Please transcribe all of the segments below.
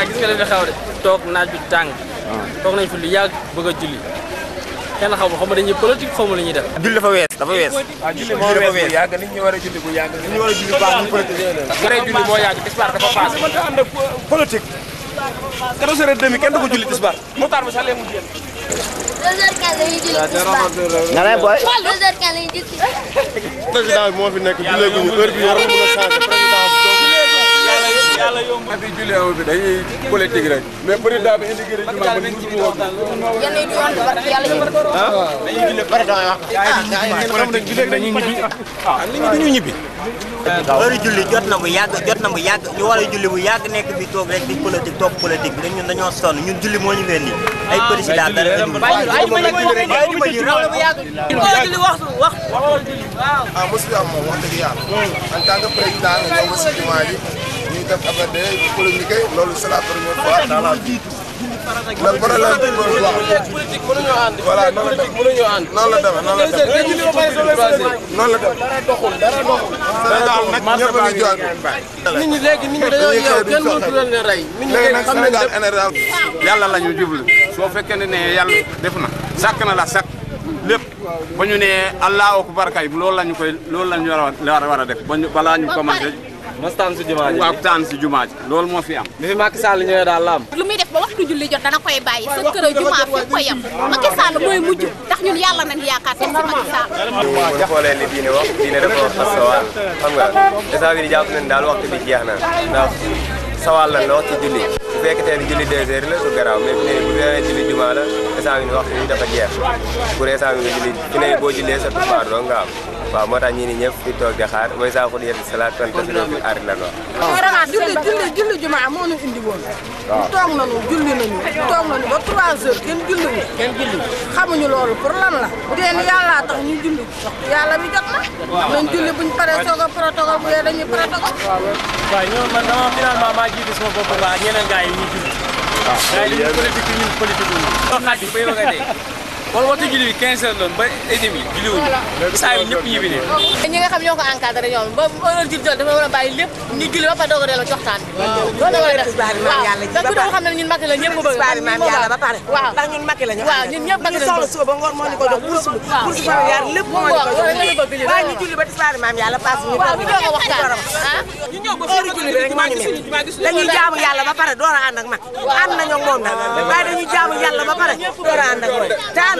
waaye gis nga li fi xew de toog naaj bi tàng ah. toog nañ fi lu yàgg bëgg a julli kenn xaw ma xaw ma dañuy politique xaw ma lu ñuy def julli dafa wees dafa wees ah, julli moo wees bu yàgg nit ñi war a julli bu yàgg nit ñi war a julli baax ñu politique bare julli boo yàgg tisbaar dafa passé mën ta ànd ak euh, politique quatorze heures demi kenn du ko julli tisbaar mu taar ba sax lee mu jéem nga ne booy président bi moo fi nekk jullee guñu heure bi war a mën a changé yàlla yomb. bi julli bi dañuy politique rek. mais président bi indi gërëm jumaa bi ñu ko. yéen a ngi doon barke yàlla yéen. ah da ngay wax. gaa yi dañuy julli rek dañuy ñibbi ah nit ñi du ñu ñibbi. heure julli jot na bu yàgg jot na bu yàgg ñu war a julli bu yàgg nekk bi toog rek di politique toog politique bi ñun dañoo sonn ñun julli moo ñu leen nii. ay ah. président dara indi moom waaye ñu julli raw bu yàgg. julli waxtu wax waxtu julli waaw. ah mosu fi am moom wax dëgg yàlla en tant que président si jumaa ji def affaire de polémique loolu c'est la première fois dans la vie. le problème bi mooy waaw voilà noonu la ñi léegi ñi dañoo yeewu kenn mënatu ne rey. nit ñi léegi xam nañ ne yàlla la ñu jublu soo fekkee ne yàlla def na sàkk na la sàkk lépp ba ne allahu akbar kay loolu la ñu koy lool la ñu war a war a def ba ñu balaa mos taan si jumaa ji waaw taan si jumaa ji loolu moo fi am bi fi Macky Sall ñëwee daal la am lu muy def ba waxtu julli jot dana koy bàyyi sa kër a jumaa fi ko yem Macky Sall mooy mujj ndax ñun yàlla nañ yaakaar def si Macky Sall waaw xoolee li diine wax diine dafa wax sawal xam nga instant bi jàpp nañ daal waxtu bi jeex na ndax sawal lan la wax ci julli bu fekkee tey julli deux heures la du garaaw mais bu fekkee julli jumaa la saa kan, ni waxtu yi dafa jeex bu dee saa nga julli ki ne boo jullee sa tubaar doo nga am waaw moo tax ñi ni ñëpp fi toog di xaar mooy saa xul yëpp salaat kon tas doo fi aar la wax vraiment julli julli julli jumaa moo ñu indi woon waaw toog nañu julli nañu toog nañu ba 3 heures kenn julli wu kenn julli xamuñu loolu pour lan la deen yàllaa tax ñu waaw ah, loolu yëpp daal li ñu politique ñun politique wu ñu. wala waxtu julli bi 15 heures doon ba ay demi julli wuñu saa yi ñëpp ñibbi ne ñi nga xam ñoo ko encadré ñoom ba heure julli jot dafa war a bàyyi lépp ñu julli ba fa doog a delloo ci waxtaan bi loolu la war a def waaw ku doon xam ne ñun Macky la ñëpp bëgg waaw ndax ñun Macky la ñu waaw ñun ñëpp Macky la ñu soxla suba ba ngoor moo ñu ko jox bourse bourse familiale lépp moo ñu ko jox waaw ñu julli ba tisbaar maam yàlla pass ñu toog ñu doog a waxtaan ñu ñëw ba heure julli bi rek moo ñu mel dañuy jaamu yàlla ba pare door a ànd ak mag ànd nañu moom nag waaye dañuy jaamu yàlla ba pare door a ànd ak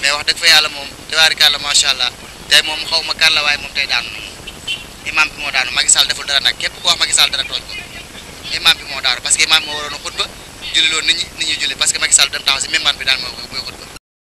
mais wax dëgg fa yàlla moom tabaarikàlla macha allah tey moom xaw ma kan la waaye moom tey daanu imam bi moo daanu Macky Sall deful dara nag képp ko wax Macky dara tooñ imam bi moo daanu parce imam bi moo waroon a xutba julli loon nit ñi nit ñi julli parce que Macky Sall dem taxaw si mimbar bi daan moo koy xutba